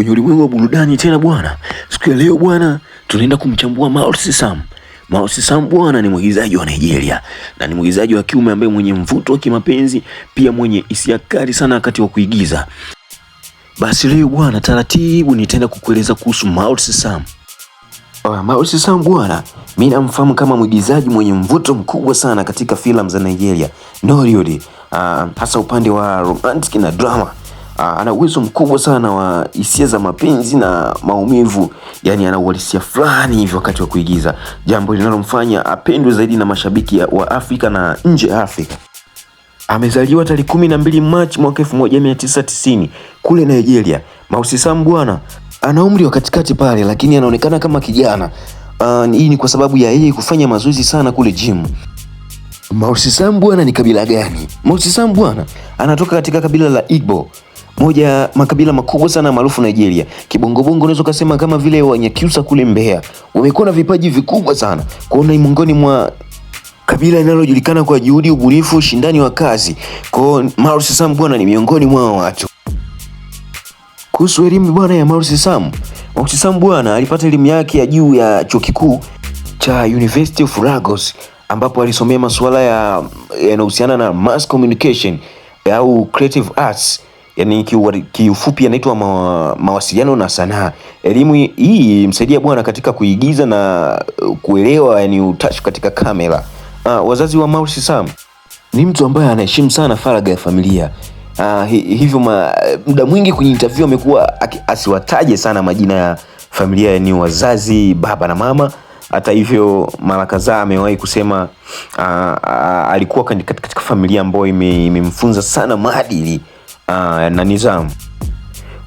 kwenye ulimwengu wa burudani tena bwana. Siku ya leo bwana, tunaenda kumchambua Mausi Sam. Mausi Sam bwana ni mwigizaji wa Nigeria na ni mwigizaji wa kiume ambaye mwenye mvuto wa kimapenzi, pia mwenye hisia kali sana wakati wa kuigiza. Basi leo bwana, taratibu nitaenda kukueleza kuhusu Mausi Sam. Uh, ah, Mausi Sam bwana, mimi namfahamu kama mwigizaji mwenye mvuto mkubwa sana katika filamu za Nigeria Nollywood, uh, hasa upande wa romantic na drama Ah, ana uwezo mkubwa sana wa hisia za mapenzi na maumivu, yani ana uhalisia fulani hivi wakati wa kuigiza, jambo linalomfanya apendwe zaidi na mashabiki wa Afrika na nje ya Afrika. Amezaliwa tarehe kumi na mbili Machi mwaka elfu moja mia tisa tisini kule Nigeria. Mausi Sam bwana ana umri wa katikati pale, lakini anaonekana kama kijana. Uh, hii ni kwa sababu ya yeye kufanya mazoezi sana kule gym. Mausi Sam bwana ni kabila gani? Mausi Sam bwana anatoka katika kabila la Igbo moja makabila makubwa sana maarufu Nigeria. Kibongobongo unaweza kusema kama vile Wanyakyusa kule Mbeya, wamekuwa na vipaji vikubwa sana kuona miongoni mwa kabila linalojulikana kwa juhudi, ubunifu, ushindani wa kazi. Kwa hiyo Marusi Sam bwana ni miongoni mwa watu. Kuhusu elimu bwana ya Marusi Sam, Marusi Sam bwana alipata elimu yake ya juu ya chuo kikuu cha University of Lagos ambapo alisomea masuala ya yanayohusiana na mass communication au creative arts yani kiufupi yanaitwa ma, mawasiliano na sanaa. Elimu hii msaidia bwana katika kuigiza na uh, kuelewa yani utashi katika kamera. Ah, wazazi wa Maurice Sam ni mtu ambaye anaheshimu sana faragha ya familia. Ah, hi, hivyo muda mwingi kwenye interview amekuwa asiwataje sana majina ya familia yani wazazi, baba na mama. Hata hivyo mara kadhaa amewahi kusema a, ah, a, ah, alikuwa katika familia ambayo imemfunza ime sana maadili aa, ah, na nidhamu.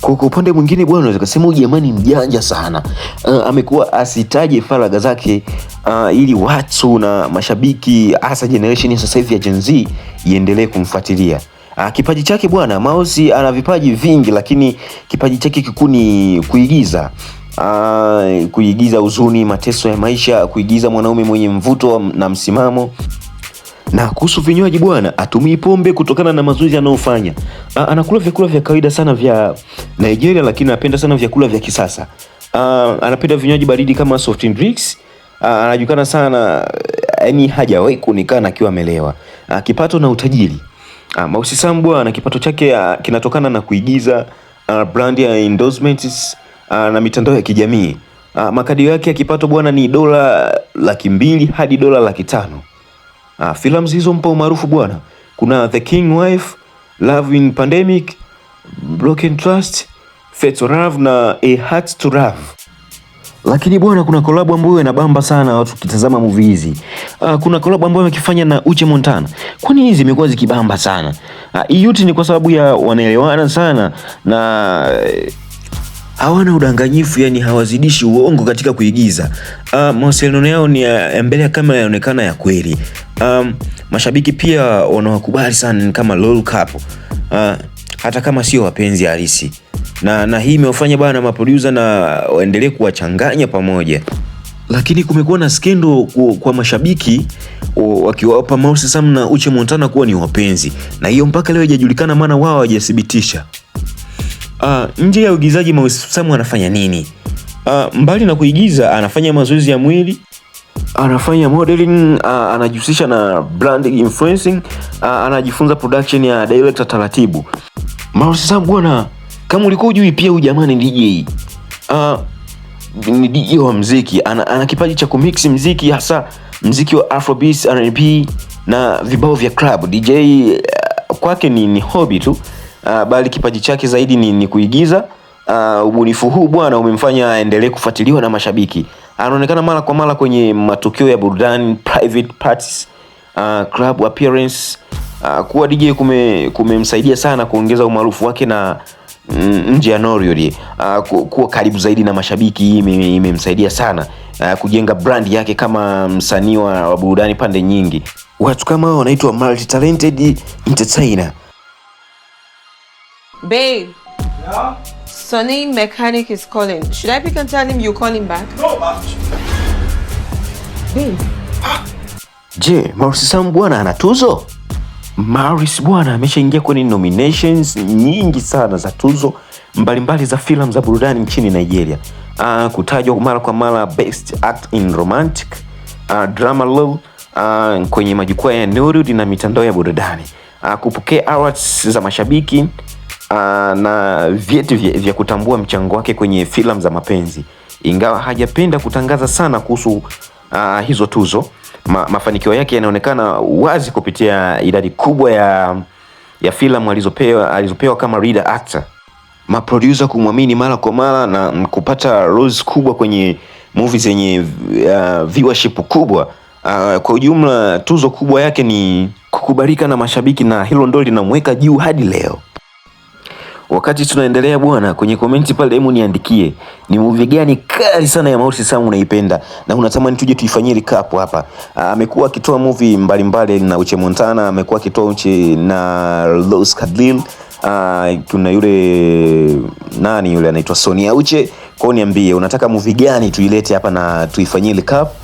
Kwa upande mwingine bwana, unaweza kusema huyu jamani mjanja sana. Uh, amekuwa asitaje faragha zake uh, ili watu na mashabiki hasa generation ya sasa hivi ya Gen Z iendelee kumfuatilia. Uh, kipaji chake bwana, Mausi ana vipaji vingi, lakini kipaji chake kikuu ni kuigiza. Uh, kuigiza huzuni, mateso ya maisha, kuigiza mwanaume mwenye mvuto na msimamo. Na kuhusu vinywaji bwana, atumii pombe kutokana na mazoezi anayofanya. Anakula vyakula vya kawaida sana vya Nigeria, lakini anapenda sana vyakula vya kisasa. A, anapenda vinywaji baridi kama soft drinks. Anajulikana sana yani, hajawahi kuonekana akiwa amelewa. Kipato na utajiri. Mausi Sam bwana, kipato chake kinatokana na kuigiza, brand ya endorsements na mitandao ya kijamii. Makadirio yake ya kipato bwana ni dola laki mbili hadi dola laki tano. Ah, filamu hizo mpa umaarufu bwana. Kuna The King Wife, Love in Pandemic, Broken Trust, Fate to Love na A Heart to Love. Lakini bwana kuna collab ambayo inabamba sana watu kitazama movie hizi. Ah, kuna collab ambayo amekifanya na Uche Montana. Kwani hizi zimekuwa zikibamba sana. Uh, ni kwa sababu ya wanaelewana sana na hawana udanganyifu, yani hawazidishi uongo katika kuigiza. Uh, mawasiliano yao ni ya mbele ya kamera yaonekana ya kweli. Um, mashabiki pia wanawakubali sana ni kama lol couple. Uh, ah, hata kama sio wapenzi halisi na, na hii imewafanya bana maproducer na waendelee kuwachanganya pamoja, lakini kumekuwa na skendo kwa mashabiki wakiwapa Mausi Sam na Uche Montana kuwa ni wapenzi, na hiyo mpaka leo haijajulikana, maana wao hawajathibitisha. Uh, nje ya uigizaji Mausi Sam anafanya nini? Uh, mbali na kuigiza anafanya mazoezi ya mwili, anafanya modeling, uh, anajihusisha na brand influencing, uh, anajifunza production ya director taratibu. Mausi Sam bwana, kama ulikuwa hujui, pia huyu jamani DJ. Uh, ni DJ wa muziki, ana, ana kipaji cha kumix muziki hasa muziki wa Afrobeat, R&B na vibao vya club. DJ uh, eh, kwake ni, ni hobby tu uh, bali kipaji chake zaidi ni, ni kuigiza. Uh, Ubunifu huu bwana umemfanya aendelee kufuatiliwa na mashabiki. Anaonekana mara kwa mara kwenye matukio ya burudani, private parties, uh, club appearance. Uh, kuwa DJ kumemsaidia kume sana kuongeza umaarufu wake na mm, nje ya Norway. Uh, kuwa karibu zaidi na mashabiki imemsaidia sana uh, kujenga brand yake kama msanii wa burudani pande nyingi. Watu kama wanaitwa multi talented entertainer. Babe. Yeah? Sonny mechanic is calling. Should I pick and tell him you call him back? No, but Babe. Ah. Je, Maurice Sam bwana ana tuzo? Maurice bwana ameshaingia kwenye nominations nyingi sana za tuzo mbalimbali mbali za filamu za burudani nchini Nigeria. Uh, kutajwa mara kwa mara best act in romantic uh, drama lol uh, kwenye majukwaa ya Nollywood na mitandao ya burudani uh, kupokea awards za mashabiki Ah, na vyeti vya, vya kutambua mchango wake kwenye filamu za mapenzi, ingawa hajapenda kutangaza sana kuhusu uh, hizo tuzo. Ma, mafanikio yake yanaonekana wazi kupitia idadi kubwa ya, ya filamu alizopewa, alizopewa kama lead actor, maproducer kumwamini mara kwa mara na kupata roles kubwa kwenye movie zenye uh, viewership kubwa. Uh, kwa ujumla tuzo kubwa yake ni kukubalika na mashabiki na hilo ndo linamweka juu hadi leo. Wakati tunaendelea bwana, kwenye komenti pale, hebu niandikie ni movie gani kali sana ya Mausi Sam unaipenda na unatamani tuje tuifanyie recap hapa. Ah, amekuwa akitoa movie mbalimbali na Uche Montana, amekuwa akitoa Uche na Los Kadlil. Ah, kuna yule nani yule anaitwa Sonia Uche. Kwao niambie, unataka movie gani tuilete hapa na tuifanyie recap.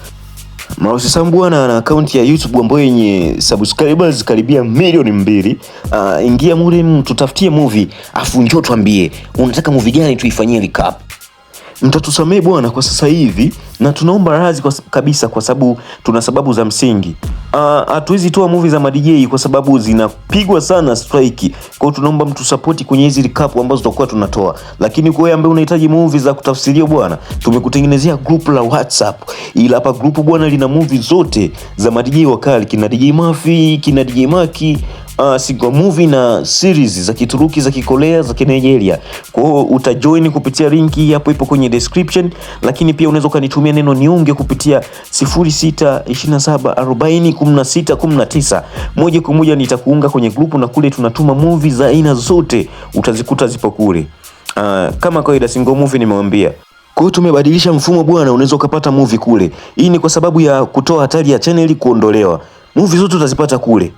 Mausi Sam bwana na akaunti ya YouTube ambayo yenye subscribers karibia milioni mbili. Uh, ingia mure tutafutie movie afu njoo tuambie unataka movie gani tuifanyie recap. Mtatusamee bwana kwa sasa hivi na tunaomba radhi kabisa kwa sababu tuna sababu za msingi. Ah, hatuwezi uh, toa movie za madj kwa sababu zinapigwa sana strike. Kwa hiyo tunaomba mtu support kwenye hizi recap ambazo tutakuwa tunatoa, lakini kwa wewe ambaye unahitaji movie za kutafsiria bwana, tumekutengenezea group la WhatsApp. Ila hapa group bwana lina movie zote za madj wakali, kina DJ Mafi, kina DJ Maki uh, movie na series za Kituruki, za Kikorea, za Kinigeria. Kwa hiyo utajoin kupitia link hapo, ipo kwenye description, lakini pia unaweza ukanitumia neno niunge kupitia 0627401619 moja kwa moja nitakuunga kwenye grupu, na kule tunatuma movie za aina zote, utazikuta zipo kule. Uh, kama kawaida single movie nimewambia. Kwa hiyo tumebadilisha mfumo bwana, unaweza ukapata movie kule. Hii ni kwa sababu ya kutoa hatari ya channel kuondolewa. Movie zote utazipata kule.